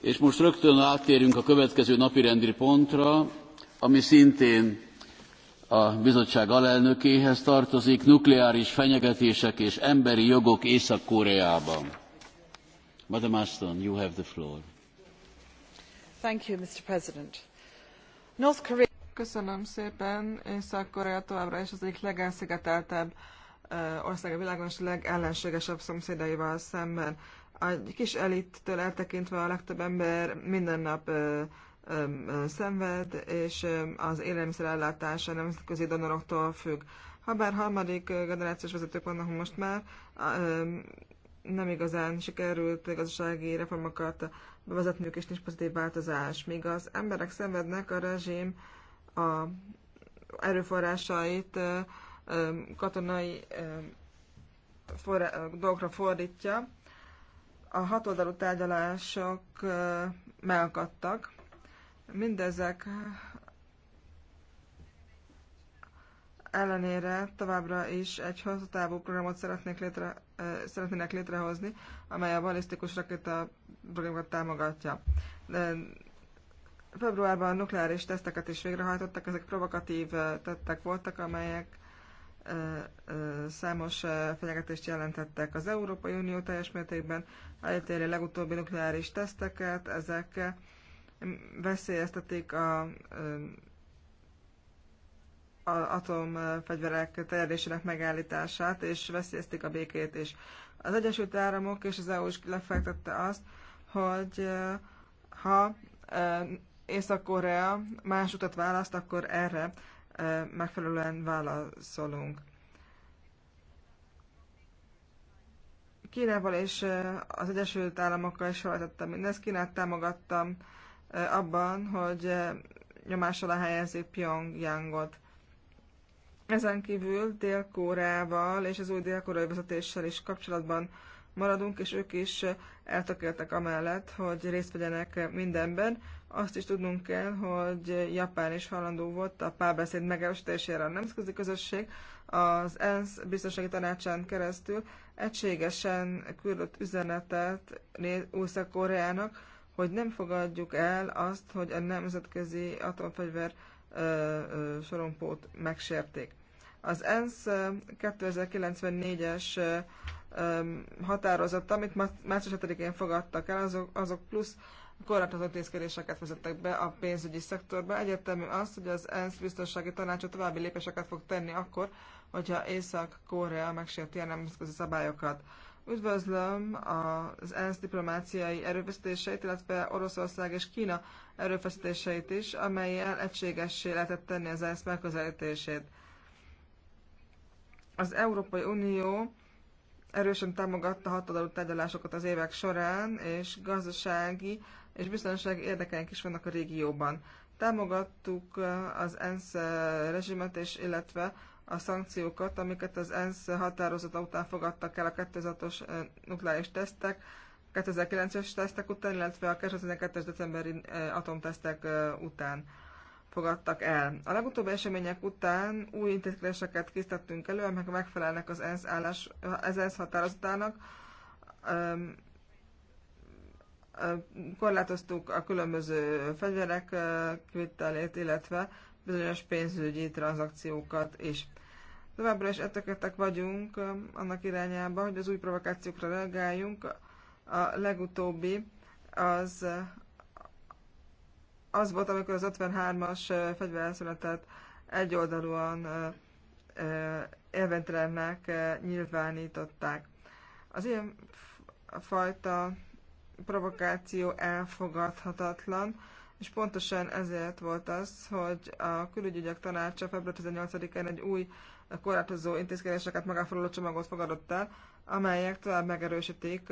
És most rögtön áttérünk a következő napirendi pontra, ami szintén a bizottság alelnökéhez tartozik, nukleáris fenyegetések és emberi jogok Észak-Koreában. Madam Ashton, you have the floor. Thank you, Mr. President. North Korea... Köszönöm szépen. Észak-Korea továbbra is az egyik legelszigeteltebb ország a világon, és a legellenségesebb szomszédaival szemben. A kis elittől eltekintve a legtöbb ember minden nap ö, ö, ö, szenved, és az élelmiszerellátása nemzetközi donoroktól függ. Habár harmadik generációs vezetők vannak most már, nem igazán sikerült gazdasági reformokat bevezetniük, és nincs pozitív változás. Míg az emberek szenvednek, a rezsim a erőforrásait katonai forra, dolgokra fordítja, a hatoldalú tárgyalások megakadtak. Mindezek ellenére továbbra is egy hosszú távú programot szeretnék létre, szeretnének létrehozni, amely a balisztikus rakéta programot támogatja. De februárban nukleáris teszteket is végrehajtottak, ezek provokatív tettek voltak, amelyek számos fenyegetést jelentettek. Az Európai Unió teljes mértékben elítéli a legutóbbi nukleáris teszteket, ezek veszélyeztetik a, a atomfegyverek terjedésének megállítását, és veszélyeztik a békét is. Az Egyesült Államok és az EU is lefektette azt, hogy ha Észak-Korea más utat választ, akkor erre megfelelően válaszolunk. Kínával és az Egyesült Államokkal is feltettem mindezt. Kínát támogattam abban, hogy nyomás alá helyezzék Pyongyangot. Ezen kívül dél koreával és az új dél-koreai vezetéssel is kapcsolatban maradunk, és ők is eltökéltek amellett, hogy részt vegyenek mindenben, azt is tudnunk kell, hogy Japán is hallandó volt a párbeszéd megerősítésére a nemzetközi közösség, az ENSZ biztonsági tanácsán keresztül egységesen küldött üzenetet Észak-Koreának, hogy nem fogadjuk el azt, hogy a nemzetközi atomfegyver ö, ö, sorompót megsérték. Az ENSZ 2094-es határozata, amit március 7-én fogadtak el, azok, azok plusz korlátozó intézkedéseket vezettek be a pénzügyi szektorba. Egyértelmű az, hogy az ENSZ biztonsági tanácsa további lépéseket fog tenni akkor, hogyha Észak-Korea megsérti a nemzetközi szabályokat. Üdvözlöm az ENSZ diplomáciai erőfeszítéseit, illetve Oroszország és Kína erőfeszítéseit is, amelyel egységessé lehetett tenni az ENSZ megközelítését. Az Európai Unió erősen támogatta hatodalú tárgyalásokat az évek során, és gazdasági és biztonsági érdekeink is vannak a régióban. Támogattuk az ENSZ rezsimet, és illetve a szankciókat, amiket az ENSZ határozata után fogadtak el a 2006-os nukleáris tesztek, 2009-es tesztek után, illetve a 2012-es decemberi atomtesztek után fogadtak el. A legutóbbi események után új intézkedéseket készítettünk elő, amelyek megfelelnek az ENSZ, állás, az ENSZ határozatának, korlátoztuk a különböző fegyverek kvittelét, illetve bizonyos pénzügyi tranzakciókat is. Továbbra is etöketek vagyunk annak irányába, hogy az új provokációkra reagáljunk. A legutóbbi az, az volt, amikor az 53-as fegyverszünetet egyoldalúan élventelennek nyilvánították. Az ilyen fajta provokáció elfogadhatatlan, és pontosan ezért volt az, hogy a külügyügyek tanácsa február 18-án egy új korlátozó intézkedéseket megáforuló csomagot fogadott el, amelyek tovább megerősítik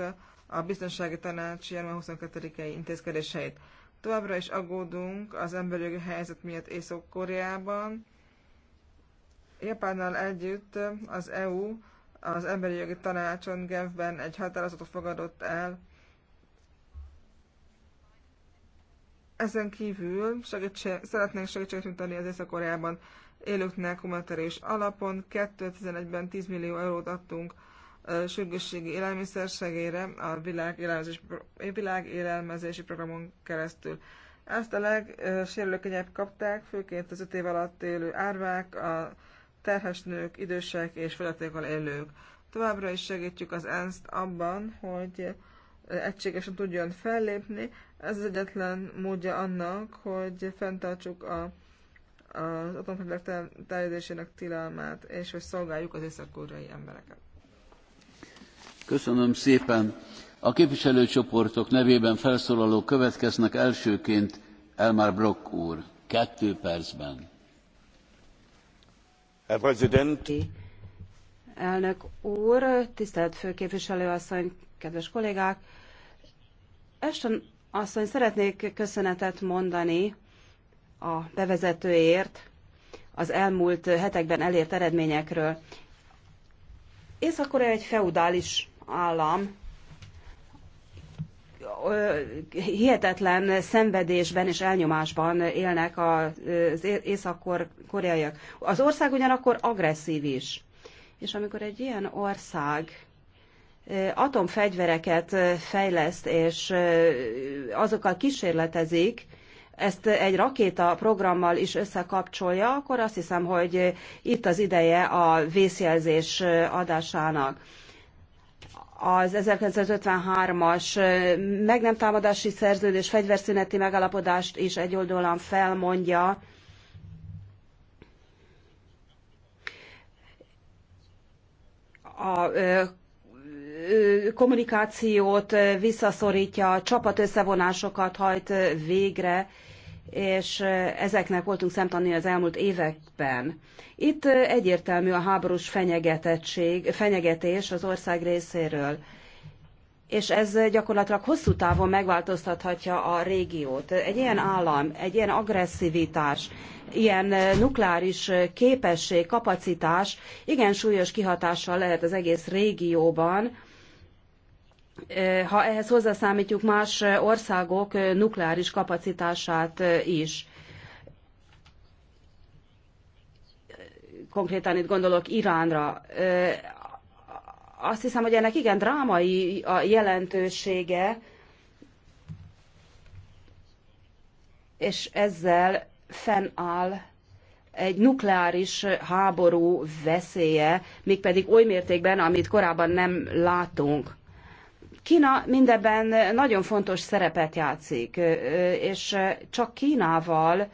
a biztonsági tanács január 22-i intézkedéseit. Továbbra is aggódunk az emberi jogi helyzet miatt Észak-Koreában. Japánnal együtt az EU az emberi jogi tanácson Genfben egy határozatot fogadott el Ezen kívül segítség, szeretnénk segítséget nyújtani az Észak-Koreában élőknek humanitárius alapon. 2011-ben 10 millió eurót adtunk sürgősségi élelmiszersegélyre a világ élelmezési, világ élelmezési programon keresztül. Ezt a legsérülékenyebb kapták, főként az 5 év alatt élő árvák, a terhes nők, idősek és fogyatékkal élők. Továbbra is segítjük az ENSZ-t abban, hogy egységesen tudjon fellépni, ez az egyetlen módja annak, hogy fenntartsuk a, az atomfegyverek terjedésének tilalmát, és hogy szolgáljuk az észak embereket. Köszönöm szépen. A képviselőcsoportok nevében felszólaló következnek elsőként Elmar Brock úr. Kettő percben. Herr Präsident! Elnök úr, tisztelt főképviselő asszony, kedves kollégák! Ashton Asszony, szeretnék köszönetet mondani a bevezetőért az elmúlt hetekben elért eredményekről. Észak-Korea egy feudális állam, hihetetlen szenvedésben és elnyomásban élnek az észak-koreaiak. Az ország ugyanakkor agresszív is. És amikor egy ilyen ország atomfegyvereket fejleszt, és azokkal kísérletezik, ezt egy rakéta programmal is összekapcsolja, akkor azt hiszem, hogy itt az ideje a vészjelzés adásának. Az 1953-as meg nem támadási szerződés fegyverszüneti megalapodást is egyoldalán felmondja, a kommunikációt visszaszorítja, csapat összevonásokat hajt végre, és ezeknek voltunk szemtanúi az elmúlt években. Itt egyértelmű a háborús fenyegetettség, fenyegetés az ország részéről, és ez gyakorlatilag hosszú távon megváltoztathatja a régiót. Egy ilyen állam, egy ilyen agresszivitás, ilyen nukleáris képesség, kapacitás igen súlyos kihatással lehet az egész régióban, Eh, ha ehhez hozzászámítjuk más eh, országok eh, nukleáris kapacitását is. Konkrétan itt gondolok Iránra. Azt hiszem, hogy ennek igen drámai a jelentősége, és ezzel fennáll egy nukleáris háború veszélye, mégpedig oly mértékben, amit korábban nem látunk. Kína mindebben nagyon fontos szerepet játszik, és csak Kínával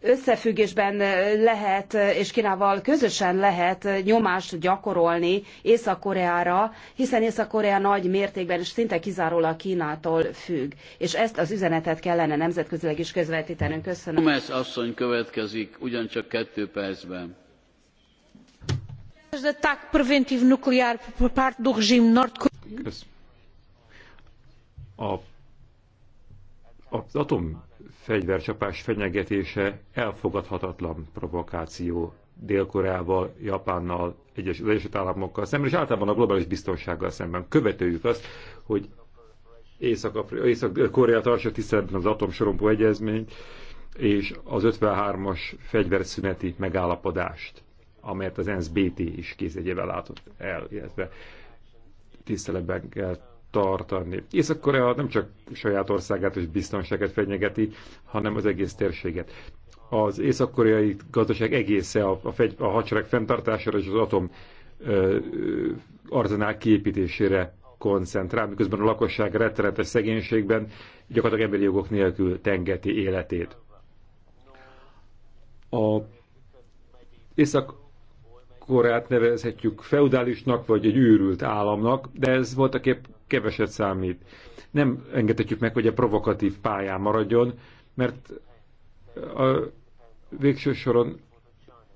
összefüggésben lehet, és Kínával közösen lehet nyomást gyakorolni Észak-Koreára, hiszen Észak-Korea nagy mértékben és szinte kizárólag Kínától függ. És ezt az üzenetet kellene nemzetközileg is közvetítenünk. Köszönöm. Gomez asszony következik, ugyancsak kettő percben de ataque preventivo nuclear por parte do regime norte A, az atomfegyvercsapás fenyegetése elfogadhatatlan provokáció Dél-Koreával, Japánnal, egyes, az Egyesült Államokkal szemben, és általában a globális biztonsággal szemben követőjük azt, hogy Észak-Korea Észak tartsa tiszteletben az atomsorompó egyezményt, és az 53-as fegyverszüneti megállapodást amelyet az ENSZ BT is kész egy évvel látott el, illetve tiszteletben kell tartani. Észak-Korea nem csak saját országát és biztonságát fenyegeti, hanem az egész térséget. Az észak-koreai gazdaság egésze a, a, fegy, a hadsereg fenntartására és az atom ö, ö, arzenál kiépítésére koncentrál, miközben a lakosság rettenetes szegénységben gyakorlatilag emberi jogok nélkül tengeti életét. A észak korát nevezhetjük feudálisnak, vagy egy űrült államnak, de ez voltak épp keveset számít. Nem engedhetjük meg, hogy a provokatív pályán maradjon, mert a végső soron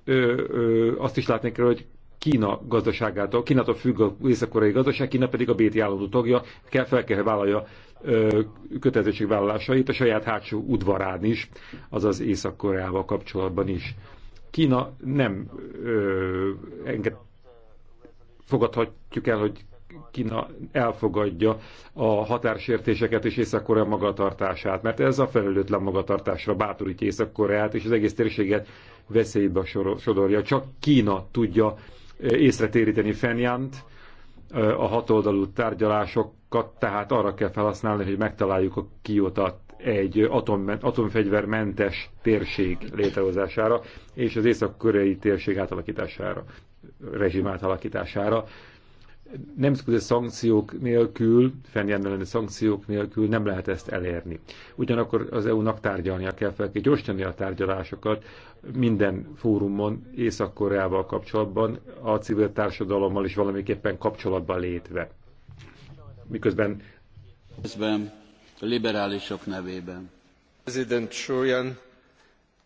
ö, ö, azt is látni kell, hogy Kína gazdaságától, Kínától függ a észak-koreai gazdaság, Kína pedig a béti állandó tagja, kell fel kell, hogy vállalja kötelezettségvállalásait a saját hátsó udvarán is, azaz Észak-Koreával kapcsolatban is. Kína nem ö, enged, fogadhatjuk el, hogy Kína elfogadja a határsértéseket és Észak-Korea magatartását, mert ez a felelőtlen magatartásra bátorítja Észak-Koreát, és az egész térséget veszélybe sodorja. Csak Kína tudja észre téríteni Fenyánt, a hatoldalú tárgyalásokat, tehát arra kell felhasználni, hogy megtaláljuk a Kyoto egy atom, atomfegyvermentes térség létrehozására és az észak-koreai térség átalakítására, rezsim átalakítására. Nemzetközi szankciók nélkül, fennjelenleni szankciók nélkül nem lehet ezt elérni. Ugyanakkor az EU-nak tárgyalnia kell fel, hogy gyorsítani a tárgyalásokat minden fórumon, Észak-Koreával kapcsolatban, a civil társadalommal is valamiképpen kapcsolatban létve. Miközben Közben liberálisok nevében. President Shurian,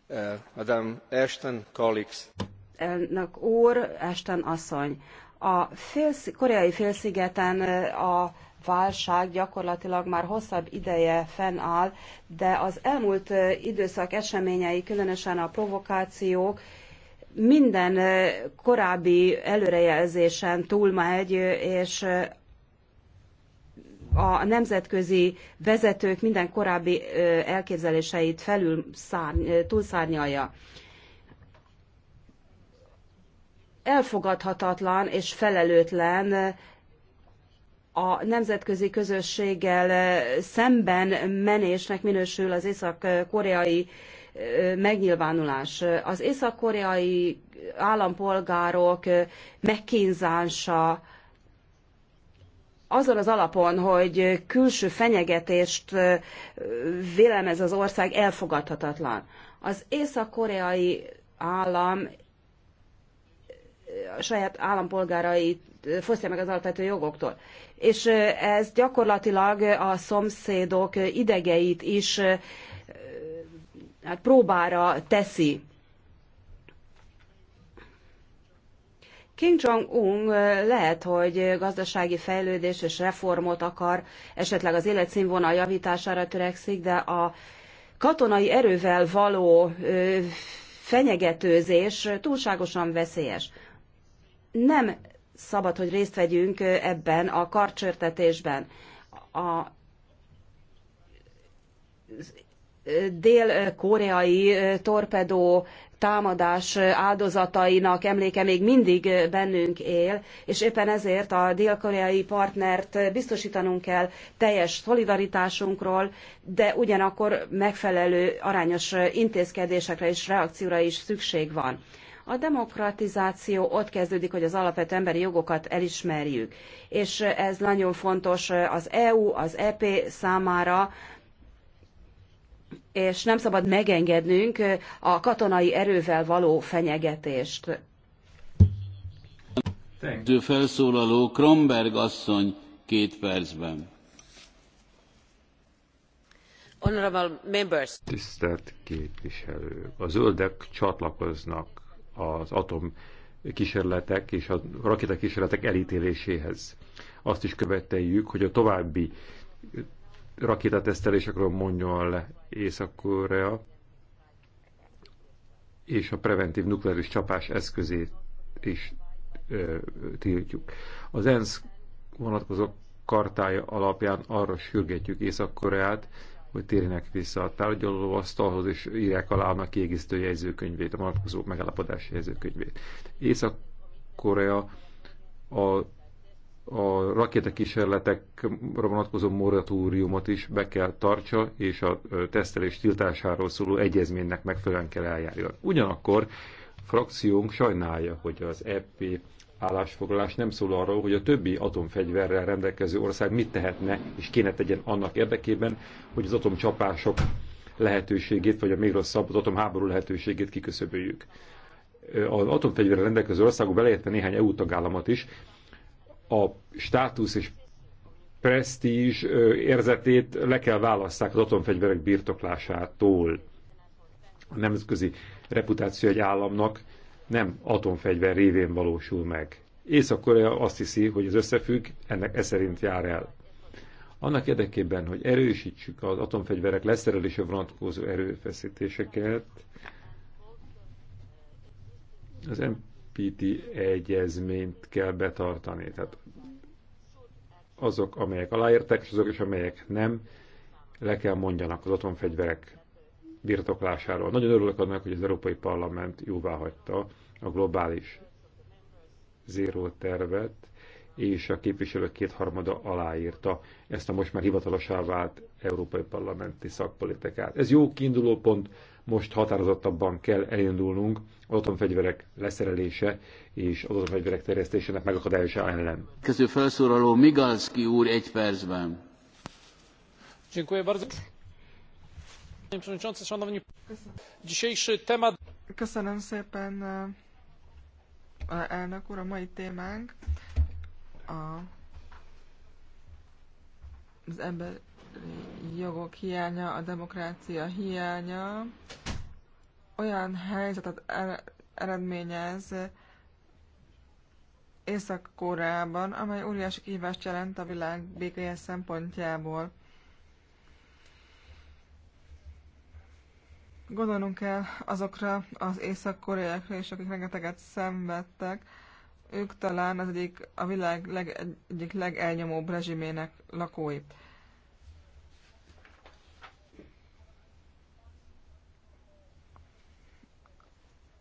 uh, eh, Ashton, colleagues. Elnök úr, Ashton asszony, a félsz, koreai félszigeten eh, a válság gyakorlatilag már hosszabb ideje fennáll, de az elmúlt eh, időszak eseményei, különösen a provokációk, minden korábbi előrejelzésen túlmegy, és a nemzetközi vezetők minden korábbi elképzeléseit felül túlszárnyalja. Elfogadhatatlan és felelőtlen a nemzetközi közösséggel szemben menésnek minősül az észak-koreai megnyilvánulás. Az észak-koreai állampolgárok megkínzása, azon az alapon, hogy külső fenyegetést vélemez az ország elfogadhatatlan. Az észak-koreai állam a saját állampolgárait fosztja meg az alapvető jogoktól. És ez gyakorlatilag a szomszédok idegeit is hát próbára teszi. Kim Jong-un lehet, hogy gazdasági fejlődés és reformot akar, esetleg az életszínvonal javítására törekszik, de a katonai erővel való fenyegetőzés túlságosan veszélyes. Nem szabad, hogy részt vegyünk ebben a karcsörtetésben. A dél-koreai torpedó támadás áldozatainak emléke még mindig bennünk él, és éppen ezért a dél-koreai partnert biztosítanunk kell teljes szolidaritásunkról, de ugyanakkor megfelelő arányos intézkedésekre és reakcióra is szükség van. A demokratizáció ott kezdődik, hogy az alapvető emberi jogokat elismerjük, és ez nagyon fontos az EU, az EP számára, és nem szabad megengednünk a katonai erővel való fenyegetést. Tő felszólaló Kromberg asszony két percben. Honorable members. Tisztelt képviselő, a zöldek csatlakoznak az atom kísérletek és a rakétakísérletek elítéléséhez. Azt is követeljük, hogy a további rakétatesztelésekről mondjon le Észak-Korea, és a preventív nukleáris csapás eszközét is ö, tiltjuk. Az ENSZ vonatkozó kartája alapján arra sürgetjük Észak-Koreát, hogy térjenek vissza a tárgyalóasztalhoz, és írják alá a kiegészítő jegyzőkönyvét, a vonatkozó megállapodási jegyzőkönyvét. Észak-Korea a a rakétakísérletek vonatkozó moratóriumot is be kell tartsa, és a tesztelés tiltásáról szóló egyezménynek megfelelően kell eljárjon. Ugyanakkor frakciónk sajnálja, hogy az EP állásfoglalás nem szól arról, hogy a többi atomfegyverrel rendelkező ország mit tehetne és kéne tegyen annak érdekében, hogy az atomcsapások lehetőségét, vagy a még rosszabb, az atomháború lehetőségét kiköszöböljük. Az atomfegyverrel rendelkező országok beleértve néhány EU tagállamot is a státusz és presztízs érzetét le kell választák az atomfegyverek birtoklásától. A nemzetközi reputáció egy államnak nem atomfegyver révén valósul meg. Észak-Korea azt hiszi, hogy ez összefügg, ennek e szerint jár el. Annak érdekében, hogy erősítsük az atomfegyverek leszerelése vonatkozó erőfeszítéseket, az piti egyezményt kell betartani. Tehát azok, amelyek aláírták, és azok is, amelyek nem, le kell mondjanak az atomfegyverek birtoklásáról. Nagyon örülök annak, hogy az Európai Parlament jóvá hagyta a globális zéró tervet, és a képviselők kétharmada aláírta ezt a most már hivatalosá vált Európai Parlamenti szakpolitikát. Ez jó kiinduló pont, most határozottabban kell elindulnunk az atomfegyverek leszerelése és az atomfegyverek terjesztésének megakadályozása ellen. Köszönöm felszólaló Migalski úr egy percben. Köszönöm szépen, e, e, elnök úr, a mai témánk a, az ember jogok hiánya, a demokrácia hiánya olyan helyzetet eredményez Észak-Koreában, amely óriási kihívást jelent a világ békéje szempontjából. Gondolnunk kell azokra az észak-koreákra is, akik rengeteget szenvedtek. Ők talán az egyik, a világ leg, egyik legelnyomóbb rezsimének lakói.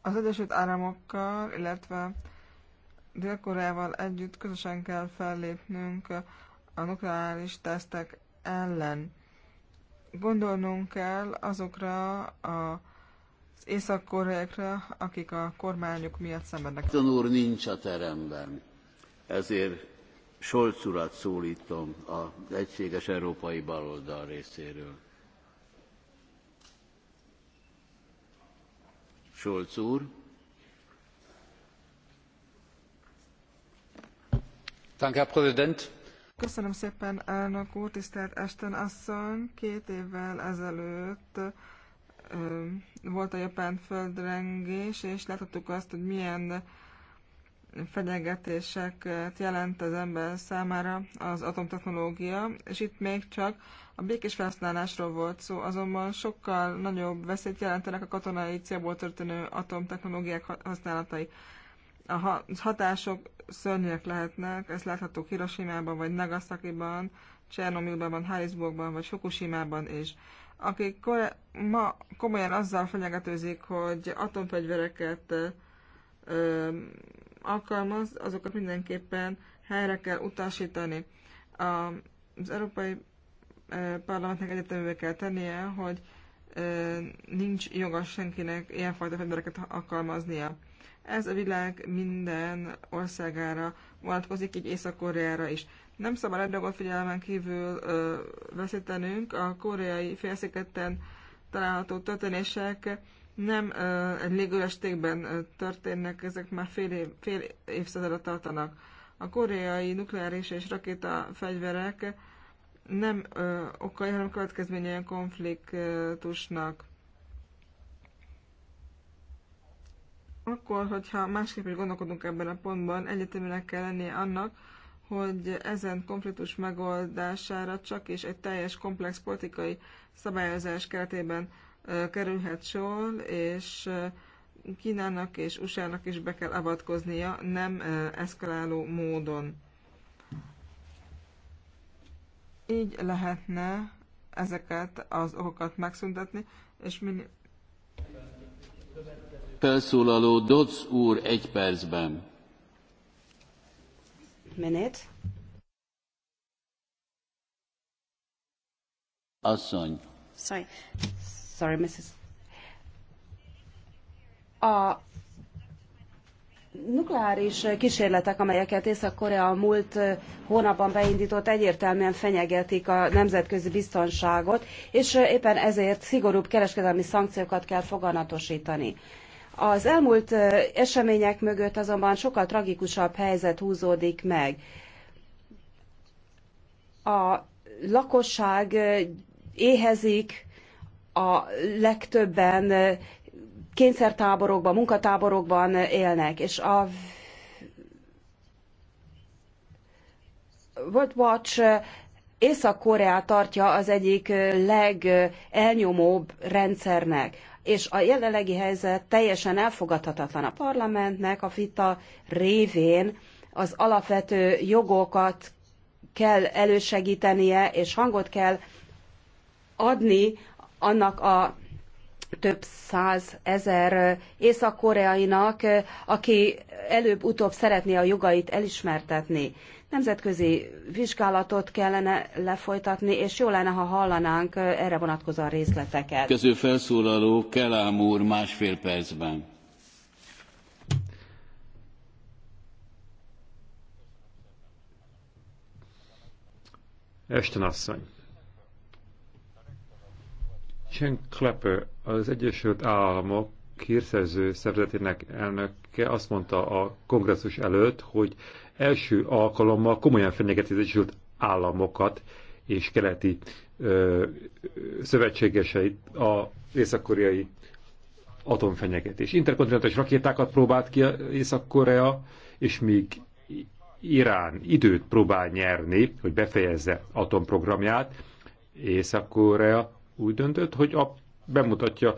Az Egyesült Államokkal, illetve Dél-Koreával együtt közösen kell fellépnünk a nukleáris tesztek ellen. Gondolnunk kell azokra a az észak-koreákra, akik a kormányuk miatt szenvednek. úr nincs a teremben, ezért Solc urat szólítom az Egységes Európai Baloldal részéről. Scholz úr. Köszönöm szépen, elnök úr, tisztelt ashton asszony. Két évvel ezelőtt volt a japán földrengés, és láthattuk azt, hogy milyen fenyegetéseket jelent az ember számára az atomtechnológia, és itt még csak a békés felhasználásról volt szó, azonban sokkal nagyobb veszélyt jelentenek a katonai célból történő atomtechnológiák használatai. A hatások szörnyűek lehetnek, ezt látható Hiroshima-ban, vagy Nagasaki-ban, Csernomilban, Harrisburgban, vagy Fukushima-ban is. Akik ma komolyan azzal fenyegetőzik, hogy atomfegyvereket alkalmaz, azokat mindenképpen helyre kell utasítani. Az Európai Parlamentnek egyeteművé kell tennie, hogy nincs joga senkinek ilyenfajta fegyvereket alkalmaznia. Ez a világ minden országára vonatkozik, így Észak-Koreára is. Nem szabad egy dolgot figyelmen kívül ö, veszítenünk. A koreai félszigeten található történések nem egy légőrestékben történnek, ezek már fél, év, fél évszázadra tartanak. A koreai nukleáris és rakéta fegyverek nem ö, okai, hanem következményei a konfliktusnak. Akkor, hogyha másképp is gondolkodunk ebben a pontban, egyetemének kell lennie annak, hogy ezen konfliktus megoldására csak és egy teljes komplex politikai szabályozás keretében kerülhet sor, és Kínának és USA-nak is be kell avatkoznia, nem eszkaláló módon. Így lehetne ezeket az okokat megszüntetni, és minél... Felszólaló Doc úr egy percben. Minute. Asszony. Sorry sorry, Mrs. A nukleáris kísérletek, amelyeket Észak-Korea a múlt hónapban beindított, egyértelműen fenyegetik a nemzetközi biztonságot, és éppen ezért szigorúbb kereskedelmi szankciókat kell foganatosítani. Az elmúlt események mögött azonban sokkal tragikusabb helyzet húzódik meg. A lakosság éhezik, a legtöbben kényszertáborokban, munkatáborokban élnek, és a World Watch Észak-Koreát tartja az egyik legelnyomóbb rendszernek, és a jelenlegi helyzet teljesen elfogadhatatlan a parlamentnek, a vita révén az alapvető jogokat kell elősegítenie, és hangot kell adni annak a több száz ezer észak-koreainak, aki előbb-utóbb szeretné a jogait elismertetni. Nemzetközi vizsgálatot kellene lefolytatni, és jó lenne, ha hallanánk erre vonatkozó részleteket. Köző felszólaló Kelám úr másfél percben. Östen asszony. Ken Klepper, az Egyesült Államok hírszerző szervezetének elnöke azt mondta a kongresszus előtt, hogy első alkalommal komolyan fenyegeti az Egyesült Államokat és keleti ö, szövetségeseit a észak-koreai atomfenyegetés. Interkontinentális rakétákat próbált ki Észak-Korea, és még Irán időt próbál nyerni, hogy befejezze atomprogramját, Észak-Korea úgy döntött, hogy a, bemutatja,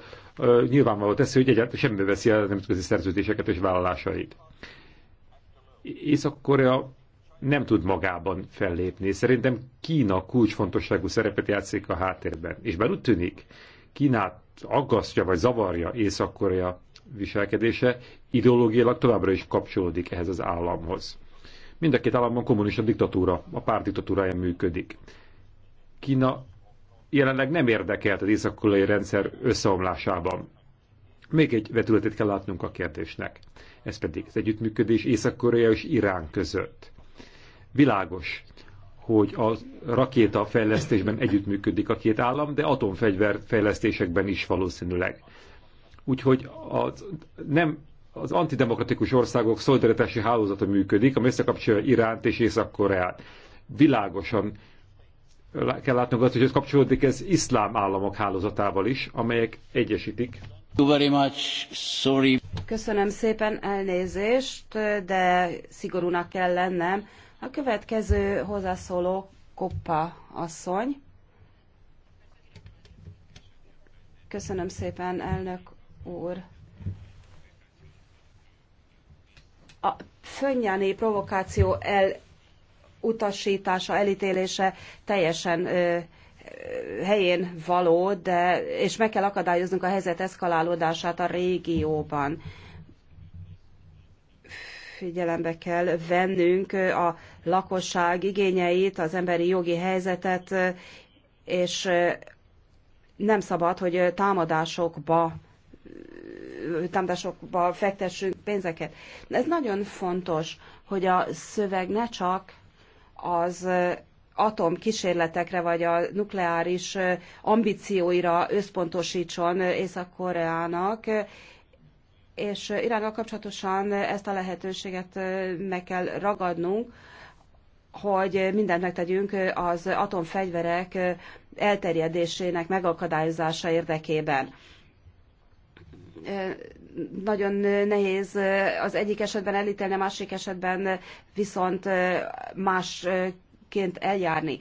nyilvánvaló teszi, hogy egyáltalán semmi veszi el a nemzetközi szerződéseket és vállalásait. Észak-Korea nem tud magában fellépni. Szerintem Kína kulcsfontosságú szerepet játszik a háttérben. És bár úgy tűnik, Kínát aggasztja vagy zavarja Észak-Korea viselkedése, ideológiailag továbbra is kapcsolódik ehhez az államhoz. Mind a két államban kommunista diktatúra, a párt diktatúrája működik. Kína jelenleg nem érdekelt az észak rendszer összeomlásában. Még egy vetületét kell látnunk a kérdésnek, ez pedig az együttműködés észak és Irán között. Világos, hogy a rakéta fejlesztésben együttműködik a két állam, de atomfegyver fejlesztésekben is valószínűleg. Úgyhogy az, nem, az antidemokratikus országok szolidaritási hálózata működik, ami összekapcsolja Iránt és Észak-Koreát. Világosan kell látnunk azt, hogy ez kapcsolódik ez iszlám államok hálózatával is, amelyek egyesítik. Köszönöm szépen elnézést, de szigorúnak kell lennem. A következő hozzászóló Koppa asszony. Köszönöm szépen, elnök úr. A fönnyáni provokáció el utasítása elítélése teljesen helyén való, de, és meg kell akadályoznunk a helyzet eszkalálódását a régióban. Figyelembe kell vennünk a lakosság igényeit, az emberi jogi helyzetet, és nem szabad, hogy támadásokba támadásokba fektessünk pénzeket. Ez nagyon fontos, hogy a szöveg ne csak az atomkísérletekre vagy a nukleáris ambícióira összpontosítson Észak-Koreának, és Iránnal kapcsolatosan ezt a lehetőséget meg kell ragadnunk, hogy mindent megtegyünk az atomfegyverek elterjedésének megakadályozása érdekében nagyon nehéz az egyik esetben elítélni, a másik esetben viszont másként eljárni.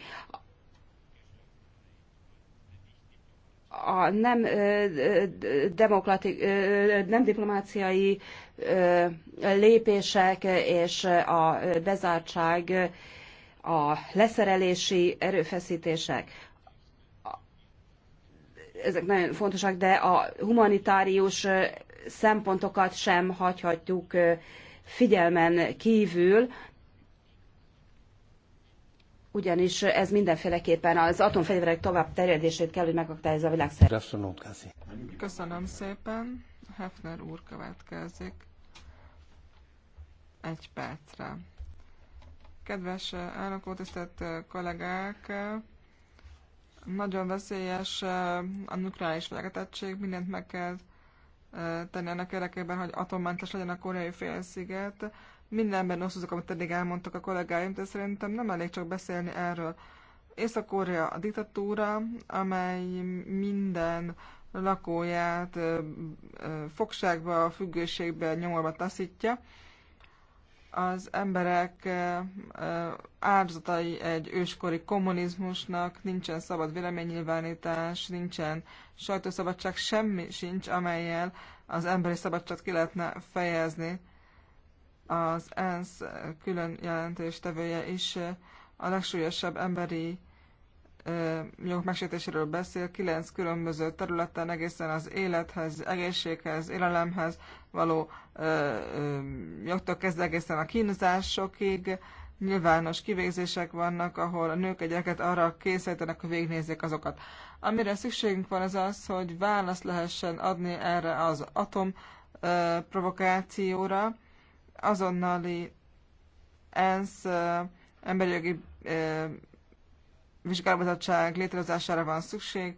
A nem demokratik, nem diplomáciai lépések és a bezártság, a leszerelési erőfeszítések, ezek nagyon fontosak, de a humanitárius szempontokat sem hagyhatjuk figyelmen kívül, ugyanis ez mindenféleképpen az atomfegyverek tovább terjedését kell, hogy megakadályozza a világszerte. Köszönöm szépen. Hefner úr következik. Egy percre. Kedves elnök úr, tisztelt kollégák! Nagyon veszélyes a nukleáris fenyegetettség, mindent meg kell tenni ennek érdekében, hogy atommentes legyen a koreai félsziget. Mindenben osztozok, amit eddig elmondtak a kollégáim, de szerintem nem elég csak beszélni erről. Észak-Korea a diktatúra, amely minden lakóját fogságba, függőségbe, nyomorba taszítja az emberek áldozatai egy őskori kommunizmusnak, nincsen szabad véleménynyilvánítás, nincsen sajtószabadság, semmi sincs, amelyel az emberi szabadságot ki lehetne fejezni. Az ENSZ külön jelentéstevője is a legsúlyosabb emberi jogok megsértéséről beszél, kilenc különböző területen egészen az élethez, egészséghez, élelemhez való jogtól kezdve egészen a kínzásokig, nyilvános kivégzések vannak, ahol a nők egyeket arra készítenek, hogy végnézzék azokat. Amire szükségünk van az az, hogy választ lehessen adni erre az atom ö, provokációra, azonnali ENSZ ö, emberi jogi vizsgálatottság létrehozására van szükség,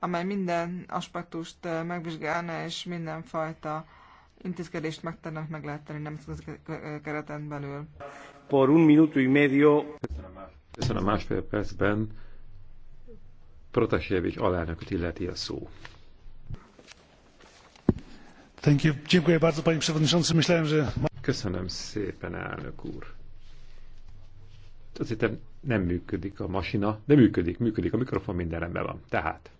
amely minden aspektust megvizsgálna és mindenfajta intézkedést megtennek, meg lehet tenni nemzetközi kereten belül. Por un minuto y medio. Köszönöm másfél percben. Protasevic alelnököt illeti a szó. Thank you. Dziękuję bardzo, panie przewodniczący. Myślałem, że... Köszönöm szépen, elnök úr. Azt hiszem, nem működik a masina, de működik, működik, a mikrofon minden rendben van. Tehát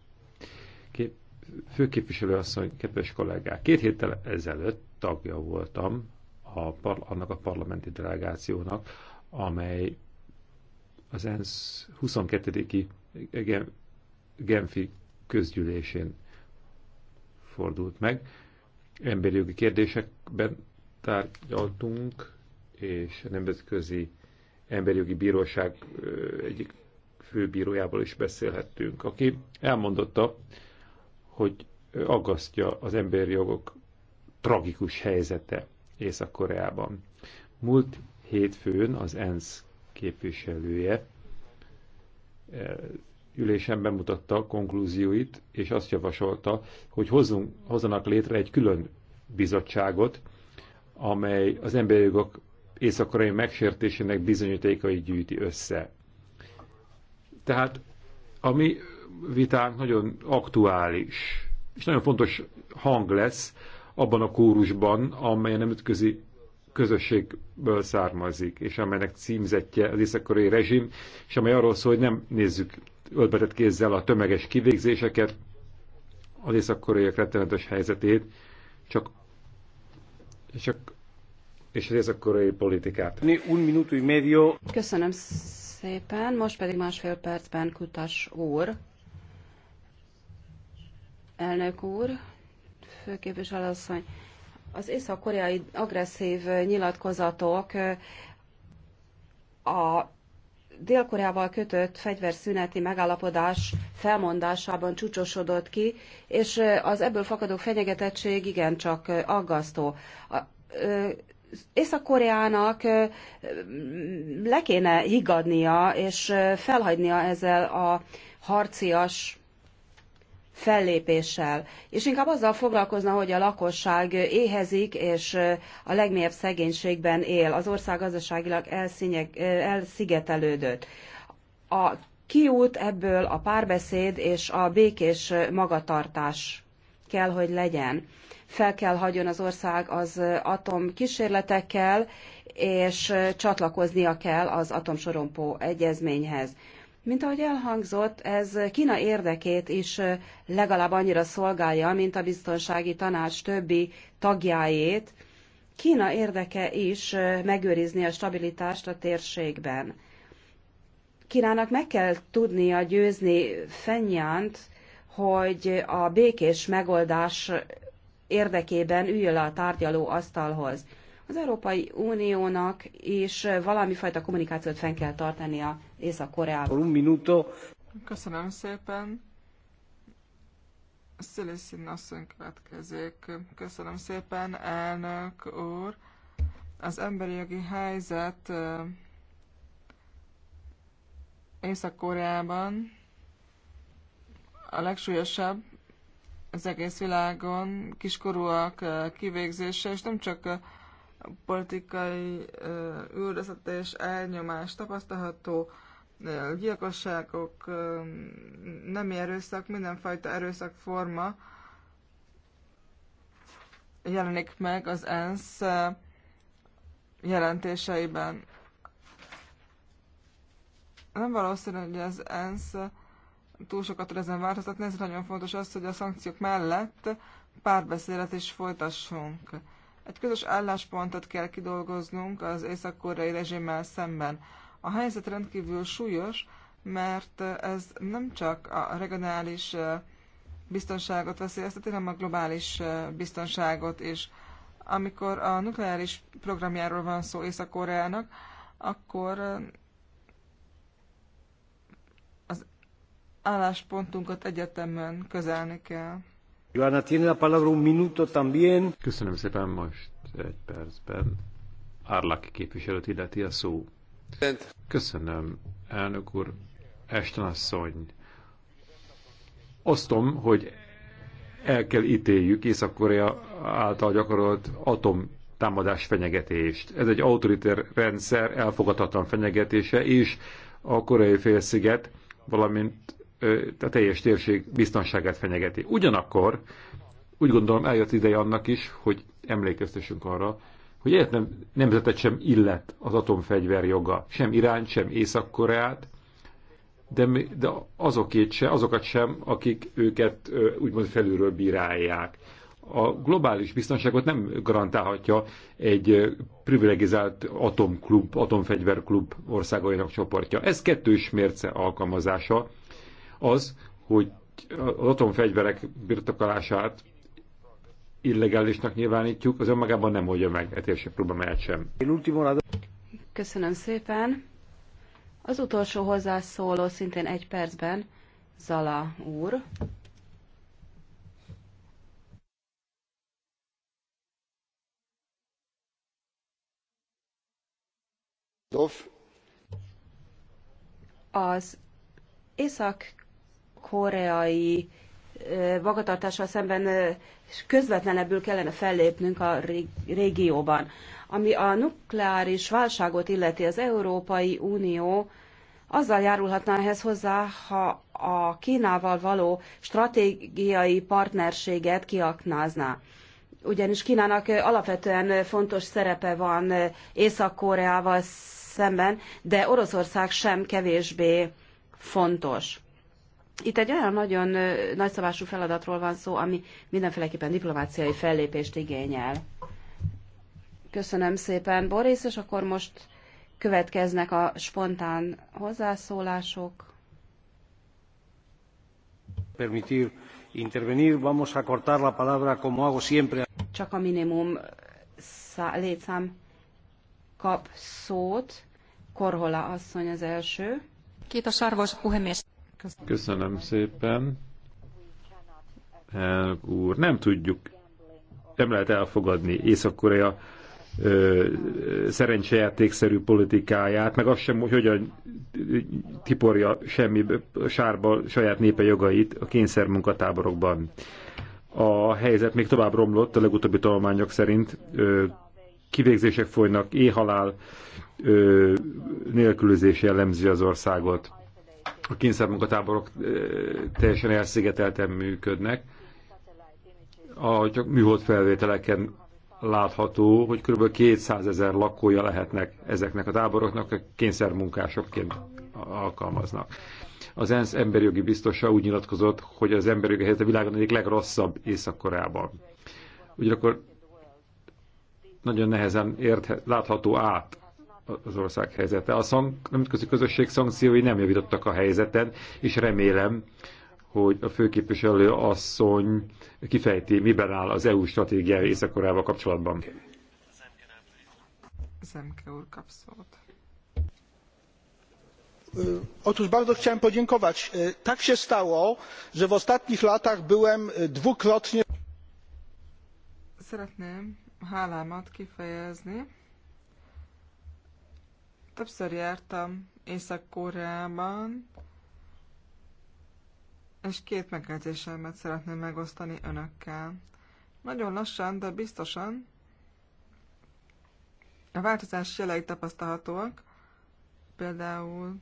Főképviselő asszony, kedves kollégák, két héttel ezelőtt tagja voltam a annak a parlamenti delegációnak, amely az ENSZ 22. Genfi közgyűlésén fordult meg. Emberi jogi kérdésekben tárgyaltunk, és a Nemzetközi Emberi Jogi Bíróság egyik főbírójával is beszélhettünk, aki elmondotta, hogy aggasztja az emberi jogok tragikus helyzete Észak-Koreában. Múlt hétfőn az ENSZ képviselője e, ülésen bemutatta konklúzióit, és azt javasolta, hogy hozzunk, hozzanak létre egy külön bizottságot, amely az emberi jogok észak megsértésének bizonyítékait gyűjti össze. Tehát ami vitánk nagyon aktuális, és nagyon fontos hang lesz abban a kórusban, amely a nemzetközi közösségből származik, és amelynek címzetje az észak rezsim, és amely arról szól, hogy nem nézzük ölbetett kézzel a tömeges kivégzéseket, az észak rettenetes helyzetét, csak, csak és az észak politikát. Un minuto y medio. Köszönöm szépen, most pedig másfél percben Kutas úr elnök úr, főképviselőasszony. Az észak-koreai agresszív nyilatkozatok a Dél-Koreával kötött fegyverszüneti megállapodás felmondásában csúcsosodott ki, és az ebből fakadó fenyegetettség igencsak aggasztó. Észak-Koreának le kéne higadnia és felhagynia ezzel a harcias fellépéssel, és inkább azzal foglalkozna, hogy a lakosság éhezik, és a legmélyebb szegénységben él. Az ország gazdaságilag elszínyeg, elszigetelődött. A kiút ebből a párbeszéd és a békés magatartás kell, hogy legyen. Fel kell hagyjon az ország az atom kísérletekkel, és csatlakoznia kell az atomsorompó egyezményhez. Mint ahogy elhangzott, ez Kína érdekét is legalább annyira szolgálja, mint a biztonsági tanács többi tagjáét. Kína érdeke is megőrizni a stabilitást a térségben. Kínának meg kell tudnia győzni Fenyánt, hogy a békés megoldás érdekében üljön le a tárgyaló asztalhoz. Az Európai Uniónak is valami fajta kommunikációt fenn kell tartani a Észak-Koreával. Un minuto. Köszönöm szépen. Sziliszin asszony következik. Köszönöm szépen, elnök úr. Az emberi jogi helyzet Észak-Koreában a legsúlyosabb az egész világon, kiskorúak kivégzése, és nem csak politikai üldözet és elnyomás tapasztalható, gyilkosságok, nemi erőszak, mindenfajta erőszak forma jelenik meg az ENSZ jelentéseiben. Nem valószínű, hogy az ENSZ túl sokat tud ezen változtatni, ez nagyon fontos az, hogy a szankciók mellett párbeszédet is folytassunk. Egy közös álláspontot kell kidolgoznunk az észak-koreai rezsimmel szemben. A helyzet rendkívül súlyos, mert ez nem csak a regionális biztonságot veszélyezteti, hanem a globális biztonságot is. Amikor a nukleáris programjáról van szó Észak-Koreának, akkor az álláspontunkat egyetemen közelni kell. Joana, tiene la palabra un minuto también. Köszönöm szépen, most egy percben. Árlak képviselőt illeti a szó. Köszönöm, elnök úr, Eston asszony. Osztom, hogy el kell ítéljük Észak-Korea által gyakorolt atom támadás fenyegetést. Ez egy autoriter rendszer elfogadhatatlan fenyegetése, és a koreai félsziget, valamint a teljes térség biztonságát fenyegeti. Ugyanakkor úgy gondolom eljött ideje annak is, hogy emlékeztessünk arra, hogy egyet nem, nemzetet sem illet az atomfegyver joga, sem Irán, sem Észak-Koreát, de, de azokét se, azokat sem, akik őket úgymond felülről bírálják. A globális biztonságot nem garantálhatja egy privilegizált atomklub, atomfegyverklub országainak csoportja. Ez kettős mérce alkalmazása, az, hogy az atomfegyverek birtokolását illegálisnak nyilvánítjuk, az önmagában nem oldja meg e térség problémáját sem. Köszönöm szépen. Az utolsó hozzászóló szintén egy percben, Zala úr. Az Észak koreai magatartással szemben közvetlenebbül kellene fellépnünk a régióban. Ami a nukleáris válságot illeti, az Európai Unió azzal járulhatna ehhez hozzá, ha a Kínával való stratégiai partnerséget kiaknázná. Ugyanis Kínának alapvetően fontos szerepe van Észak-Koreával szemben, de Oroszország sem kevésbé fontos. Itt egy olyan nagyon nagyszabású feladatról van szó, ami mindenféleképpen diplomáciai fellépést igényel. Köszönöm szépen, Boris, és akkor most következnek a spontán hozzászólások. Permitir intervenir, vamos a cortar la palabra como hago siempre. Csak a minimum szá- létszám kap szót. Korhola asszony az első. Kiitos arvoisa puhemies. Köszönöm, Köszönöm szépen. Elnök úr, nem tudjuk, nem lehet elfogadni Észak-Korea szerencsejátékszerű politikáját, meg azt sem, hogy hogyan tiporja semmi sárba saját népe jogait a kényszermunkatáborokban. A helyzet még tovább romlott, a legutóbbi tanulmányok szerint kivégzések folynak, éhalál nélkülözés jellemzi az országot a kényszermunkatáborok teljesen elszigetelten működnek. A csak műhold felvételeken látható, hogy kb. 200 ezer lakója lehetnek ezeknek a táboroknak, a kényszermunkásokként alkalmaznak. Az ENSZ emberjogi biztosa úgy nyilatkozott, hogy az emberjogi helyzet a világon egyik legrosszabb északkorában. Ugyanakkor nagyon nehezen érthet, látható át az ország helyzete. A szank, nemzetközi közösség szankciói nem javítottak a helyzeten, és remélem, hogy a főképviselő asszony kifejti, miben áll az EU stratégiája észak kapcsolatban. Zemke úr kap szót. Otóż bardzo chciałem podziękować. E, tak się stało, że w ostatnich latach byłem e, dwukrotnie. Szeretném hálámat kifejezni. Többször jártam Észak-Koreában, és két megjegyzésemet szeretném megosztani önökkel. Nagyon lassan, de biztosan a változás jelei tapasztalhatóak, például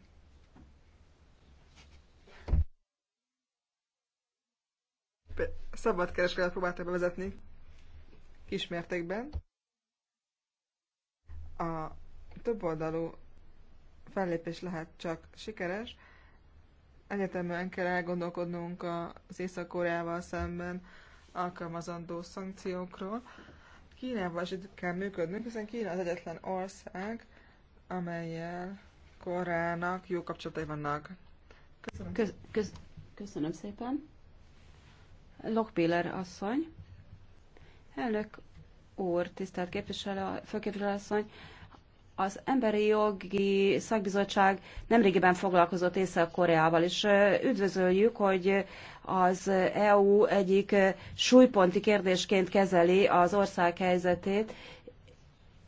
szabad kereskedet próbáltak bevezetni kismértékben. A többoldalú fellépés lehet csak sikeres. Egyetemben kell elgondolkodnunk az Észak-Koreával szemben alkalmazandó szankciókról. Kínával is kell működnünk, hiszen Kína az egyetlen ország, amelyel Koreának jó kapcsolatai vannak. Köszönöm, köz, köz, köszönöm szépen. Lokpiller asszony. Elnök úr, tisztelt képviselő, főképviselő asszony. Az Emberi Jogi Szakbizottság nemrégiben foglalkozott Észak-Koreával, és üdvözöljük, hogy az EU egyik súlyponti kérdésként kezeli az ország helyzetét,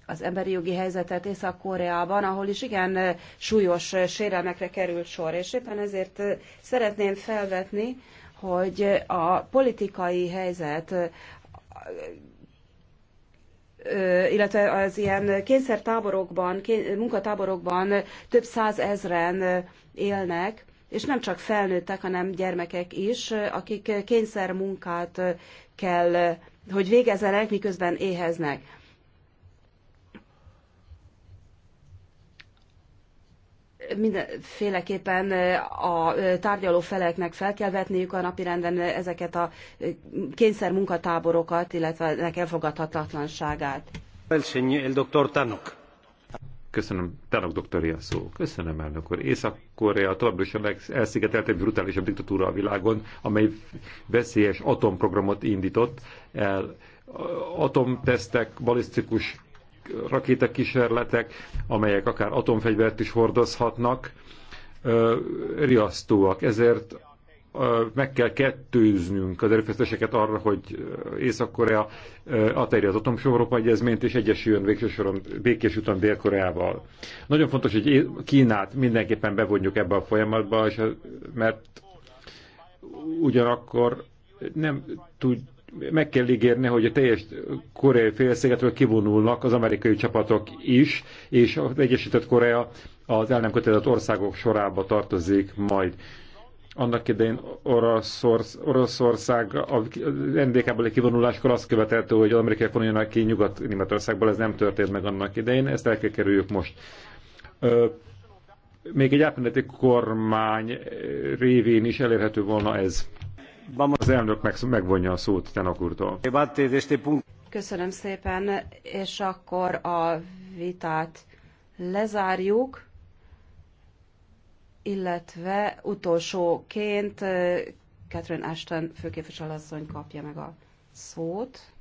az emberi jogi helyzetet Észak-Koreában, ahol is igen súlyos sérelmekre került sor. És éppen ezért szeretném felvetni, hogy a politikai helyzet illetve az ilyen kényszertáborokban, munkatáborokban több száz ezren élnek, és nem csak felnőttek, hanem gyermekek is, akik kényszermunkát kell, hogy végezzenek, miközben éheznek. mindenféleképpen a tárgyaló feleknek fel kell vetniük a napirenden ezeket a kényszer munkatáborokat, illetve ennek elfogadhatatlanságát. El doktor Tanok. Köszönöm, Tanok doktori a szó. Köszönöm, elnök úr. Észak-Korea továbbra is a egy brutálisabb diktatúra a világon, amely veszélyes atomprogramot indított el atomtesztek, balisztikus rakétakísérletek, amelyek akár atomfegyvert is hordozhatnak, riasztóak. Ezért meg kell kettőznünk az erőfeszteseket arra, hogy Észak-Korea aterje az atomsórópa egyezményt, és egyesüljön végső soron békés úton Dél-Koreával. Nagyon fontos, hogy Kínát mindenképpen bevonjuk ebbe a folyamatba, és mert ugyanakkor nem tud meg kell ígérni, hogy a teljes koreai félszigetről kivonulnak az amerikai csapatok is, és az Egyesített Korea az el nem kötelezett országok sorába tartozik majd. Annak idején Oroszorsz, Oroszország a ndk egy kivonuláskor azt követelte, hogy az amerikaiak vonuljanak ki Nyugat-Németországból, ez nem történt meg annak idején, ezt el kell kerüljük most. Ö, még egy átmeneti kormány révén is elérhető volna ez. Az elnök meg, megvonja a szót Tenok Köszönöm szépen, és akkor a vitát lezárjuk, illetve utolsóként eh, Catherine Ashton főképviselőasszony kapja meg a szót.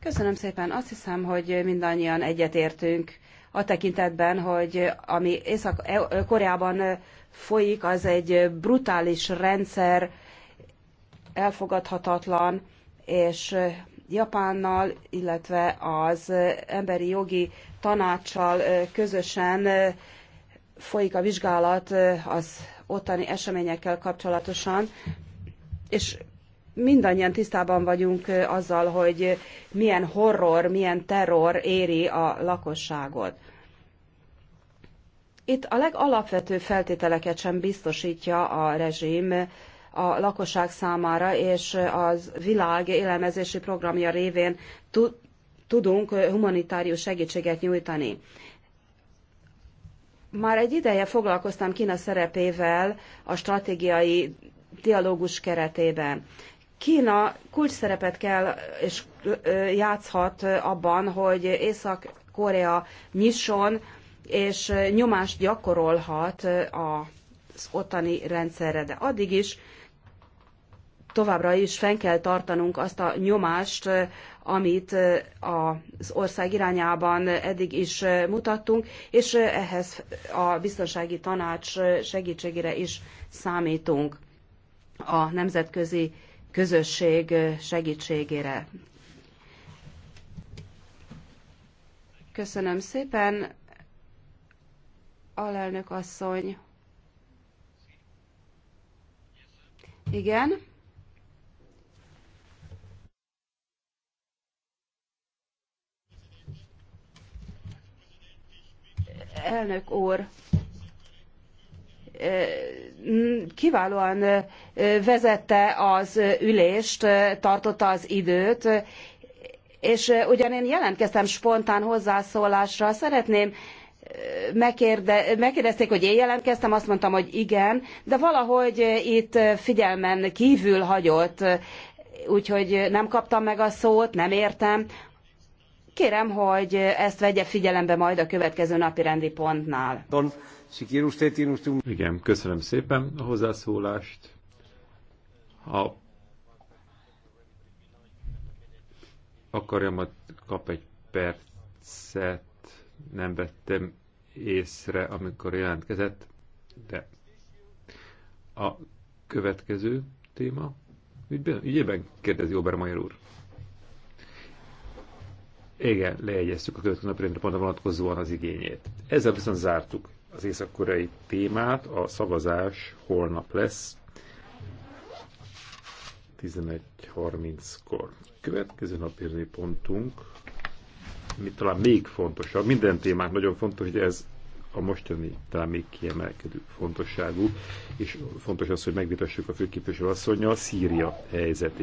Köszönöm szépen. Azt hiszem, hogy mindannyian egyetértünk a tekintetben, hogy ami Észak-Koreában folyik, az egy brutális rendszer, elfogadhatatlan, és Japánnal, illetve az emberi jogi tanácssal közösen folyik a vizsgálat az ottani eseményekkel kapcsolatosan, és mindannyian tisztában vagyunk azzal, hogy milyen horror, milyen terror éri a lakosságot. Itt a legalapvetőbb feltételeket sem biztosítja a rezsim a lakosság számára, és az világ élelmezési programja révén tudunk humanitárius segítséget nyújtani. Már egy ideje foglalkoztam Kína szerepével a stratégiai dialógus keretében. Kína kulcs szerepet kell és játszhat abban, hogy Észak-Korea nyisson és nyomást gyakorolhat az ottani rendszerre, de addig is továbbra is fenn kell tartanunk azt a nyomást, amit az ország irányában eddig is mutattunk, és ehhez a biztonsági tanács segítségére is számítunk a nemzetközi közösség segítségére. Köszönöm szépen alelnök asszony. Igen. Elnök úr, kiválóan vezette az ülést, tartotta az időt, és ugyan én jelentkeztem spontán hozzászólásra, szeretném megkérde, megkérdezték, hogy én jelentkeztem, azt mondtam, hogy igen, de valahogy itt figyelmen kívül hagyott, úgyhogy nem kaptam meg a szót, nem értem. Kérem, hogy ezt vegye figyelembe majd a következő napi rendi pontnál. Igen, köszönöm szépen a hozzászólást. Ha akarja, majd kap egy percet, nem vettem észre, amikor jelentkezett, de a következő téma ügyben, ügyében kérdezi Obermeyer úr. Igen, lejegyeztük a következő napirendre pontra vonatkozóan az igényét. Ezzel viszont zártuk az észak-koreai témát, a szavazás holnap lesz 11.30-kor. Következő napi pontunk talán még fontosabb, minden témák nagyon fontos, de ez a mostani talán még kiemelkedő fontosságú, és fontos az, hogy megvitassuk a főképviselő asszonynal Szíria helyzetét.